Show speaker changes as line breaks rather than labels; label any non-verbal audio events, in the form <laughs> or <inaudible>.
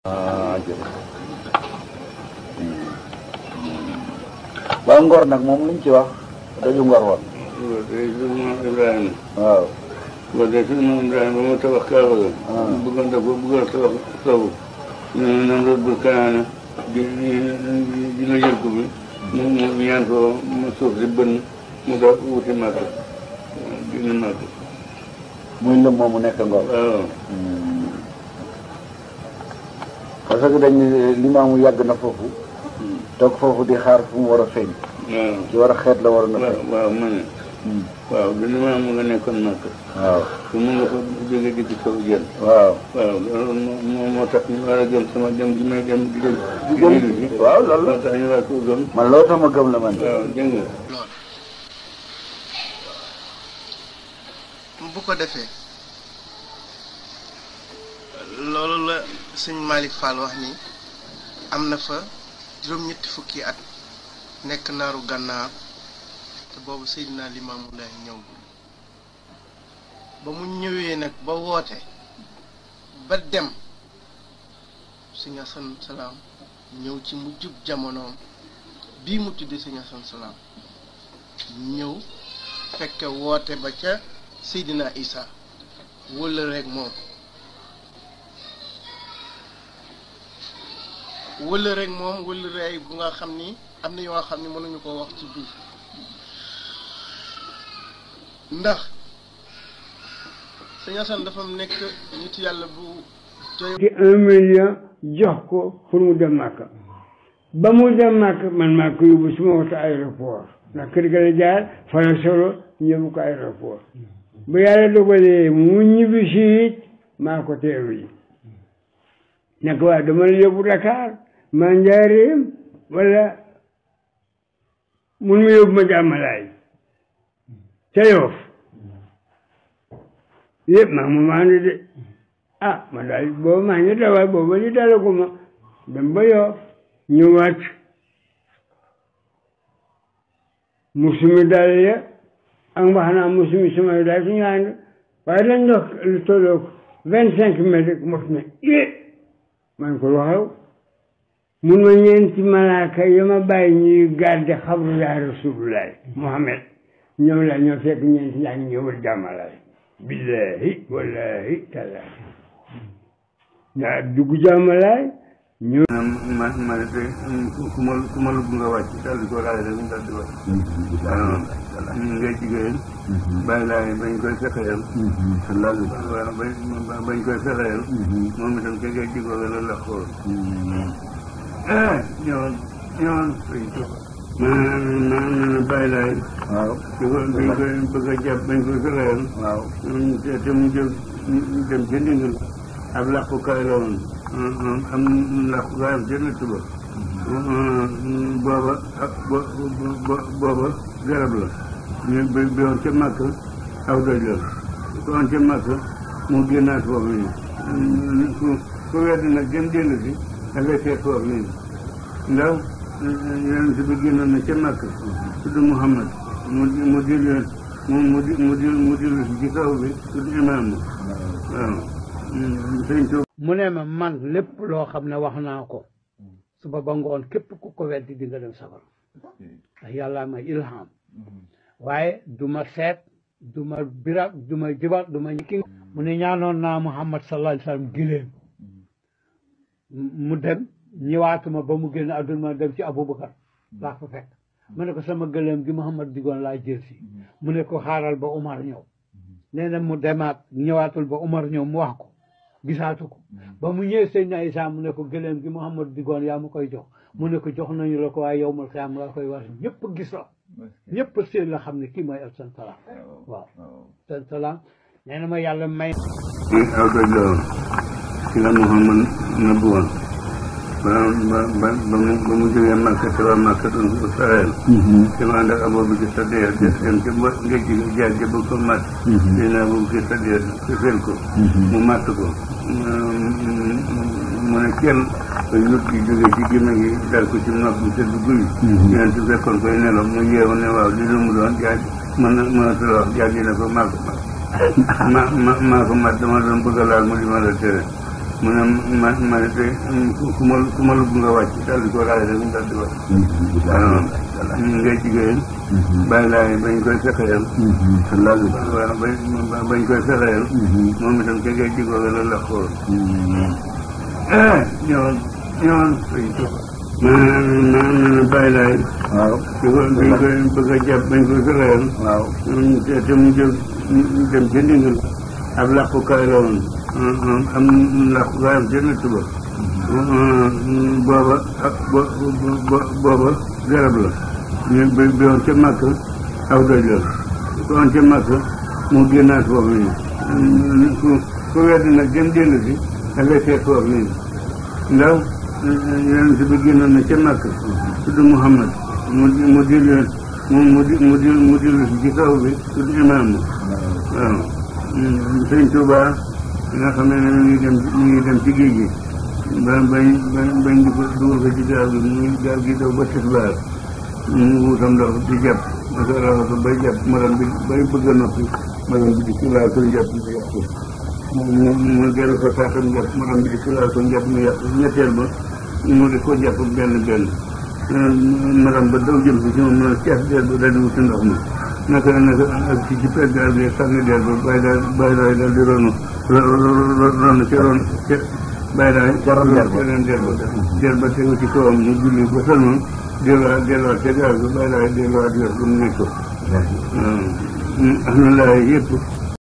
waaw ah, hmm.
hmm. hmm. ngor nag moom luñ ci wax
daju ngor woon. ngor de moom Ibrahima. waaw. ngor de si moom Ibrahima ba mu tabax Kaaba ga. Ah. bëggoon def ba bëggoon tabax Kaaba. ñu ne nan la bu Kanaana di di di la jël ko bi. mu mu ñaan ko mu suuf si bënn mu doog wuti Màkka dina Màkka.
muy lëm moomu nekk ngor. waaw. parce que dañ ne limaamu yàgg na foofu toog foofu di xaar fu mu war a feeñ
ci war a xeet la war na feeñ waaw ma ne hmm. waaw du limaamu nga nekkoon nag waaw su mu nga fa jóge di ci loolu a sama gëm la man loolu tax ma gëm la
man waaw bu ko defee loolu la sëñ Malick Fall wax ni am na fa juróom-ñetti fukki at nekk naaru gànnaar te boobu Seydina Limaamu Laay ñëwgul ba mu ñëwee nag ba woote ba dem sëñ Asan Salaam ñëw ci mujjub jamonoom bii mu tudde sëñ Asan Salaam ñëw fekke woote ba ca Seydina Isa wëla rek moom wëla rek moom wëla rey bu nga xam ni am na yoo xam ni mënuñu ko wax ci biir ndax sëñ Assane dafa nekk nit yàlla bu di un million jox ko pour mu dem màkk ba mu dem màkk man maa ko yóbbu su ma woto aéroport ndax kër ga la jaar fara solo ñëbbu ko aéroport bu yàlla dogalee mu ñibbi si maa ko teeru yi nag waaw dama la yóbbu ma njaareem mun ma yóbbu ma jàmmalaay ca yoof yëpp maa mu maandu de ah ma daal booba maa ngi dawal booba li dalagu ma dem ba yoof ñëwaat musumi daal ya ak mbaxana musumi sumay daal suñu ànd waaye dañ dox lu tolloog vingt cinq mètres mos na man ko waxaw mun ma ñeenti malaaka ya ma bàyyi ñuy garde xabru yaa rasulullahi Muhammad ñoom la ñoo fekk ñeenti laa ñu ñëwal jàmmalaay billahi wallahi tallahi daa dugg jàmmalaay
ñu ma ma ku ma lugg nga wàcc daldi ko laaj rek daldi di wàcc ñu ngay jigéen mhm. bàyyi laay bañ koy fexeel mhm. lalu bañ koy fexeel mhm. moom la la yoon yoon maanaam bàyyi laay waaw di ko biñ koy a jàpp bañ koy fexeel waaw te mu mu dem ca ndigal ab làqukaay la woon am làqukaayam ca natt ba booba ak garab la ñu bi bi woon aw doj la ko woon mu génnaat foofu nii ku ku wedd nag dem dellu si dangay seet foofu nii ndaw yonent bi génnoon na ca Makka tudd Muhammad mu mu dil mu mu dil mu dil bi tudd imaam
mu ne ma man lépp loo xam ne wax naa ko suba ba ngoon képp ku ko weddi di nga dem safar ndax yàllaa ma ilham waaye du ma seet du ma birat du ma jibat du ma ñikki mu ne ñaanoon naa Muhammad sallallahu alayhi gileem mu dem ñëwaatuma ba mu génn àdduna ma dem ci Aboubacar laa ko fekk mu ne ko sama gëléem gi Mouhamad digoon laa jël si mhm. mu ne ko xaaral ba Umar ñëw mhm. nee mu demaat ñëwaatul ba Umar ñëw mu wax ko gisaatu ko mhm. ba mu ñëwee sëñ na Isaa mu ne ko gëléem gi Mouhamad digoon yaa mu koy jox mu ne ko jox nañu la ko waaye yow mal xiyaam nga koy wax ñëpp gis la ñëpp seen la xam ne kii mooy ak seen talaam oh, waaw oh. seen talaam nee yàlla may. di àgg
ak Kila Mouhamad Nabouan. ba mu ba mu te waa Makka doon ko sareel. te mhm. maa ndax aboo bi gis sa deer des dem ko màtt. te naa boobu gis sa deer te feel ko. mu mat ko. mu ne kenn yut gi jógee ci gémmiñ gi dal ko ci nopp bi te du guy. yéen mhm. su fekkoon nelaw mu yeewu ne waaw li lu mu doon jaaj mën na mënatul wax jaaj ne ko maa ko maa <laughs> maa ko mat doon bëgg a mu di ma la tere. mu ne ma ma ne te ku ma ku ma lugg nga wàcc daal ko laaj rek ñu daal di wàcc. Mm-hmm. waaw ñun mm-hmm. jigéen. Mm-hmm. bàyyi bañ koy fexeel. bañ koy fexeel. moom itam te ngay jigoo la la xool. ñoom ñoom. maanaam waaw di ko bañ koy bëgg a jàpp bañ koy fexeel. waaw te mu jëm dem ca ab làkkukaay la woon. am ndax waayam ci ba booba booba garab la ñu bi bi woon ca màkk aw doj la ko woon mu génnaat foofu nii ku ku wedd nag jëm génn si da foofu nii ndaw yonent bi génnoon na ca màkk tudd Muhammad mu mu mu mu si ci kaw bi tudd imaam waaw sëñ Tuubaa bi nga xam ne ne ñu ngi dem ñu ngi dem ci géej gi ba bañ bañ di ko dugal ko ci gaal gi muy gaal gi daw ba tisbaar mu wutam ndox di jàpp ma ko raxasu bay jàpp maram bi bay bëgg a noppi maram bi di ci laal ko njàpp mu yàqu mu mu dellu ko saatam jàpp maram bi di ci laal ko njàpp mu yàqu ñetteel ba mu di ko jàpp benn benn maram ba daw jëm si ci moom noonu ci del ba daal di wuti ndox ma naka naka ak ci ci pegg gaal bi sànni del ba bàyyi daal bàyyi daal di ronu ron na ci ron ci bay daal ca ron dellu del ba tegu ci kawam ñu julli ba sëlmoon delluwaat delluwaat ca gaal ba bay daal delluwaat yor ba mu nekkoon mm. mm. alhamdulilah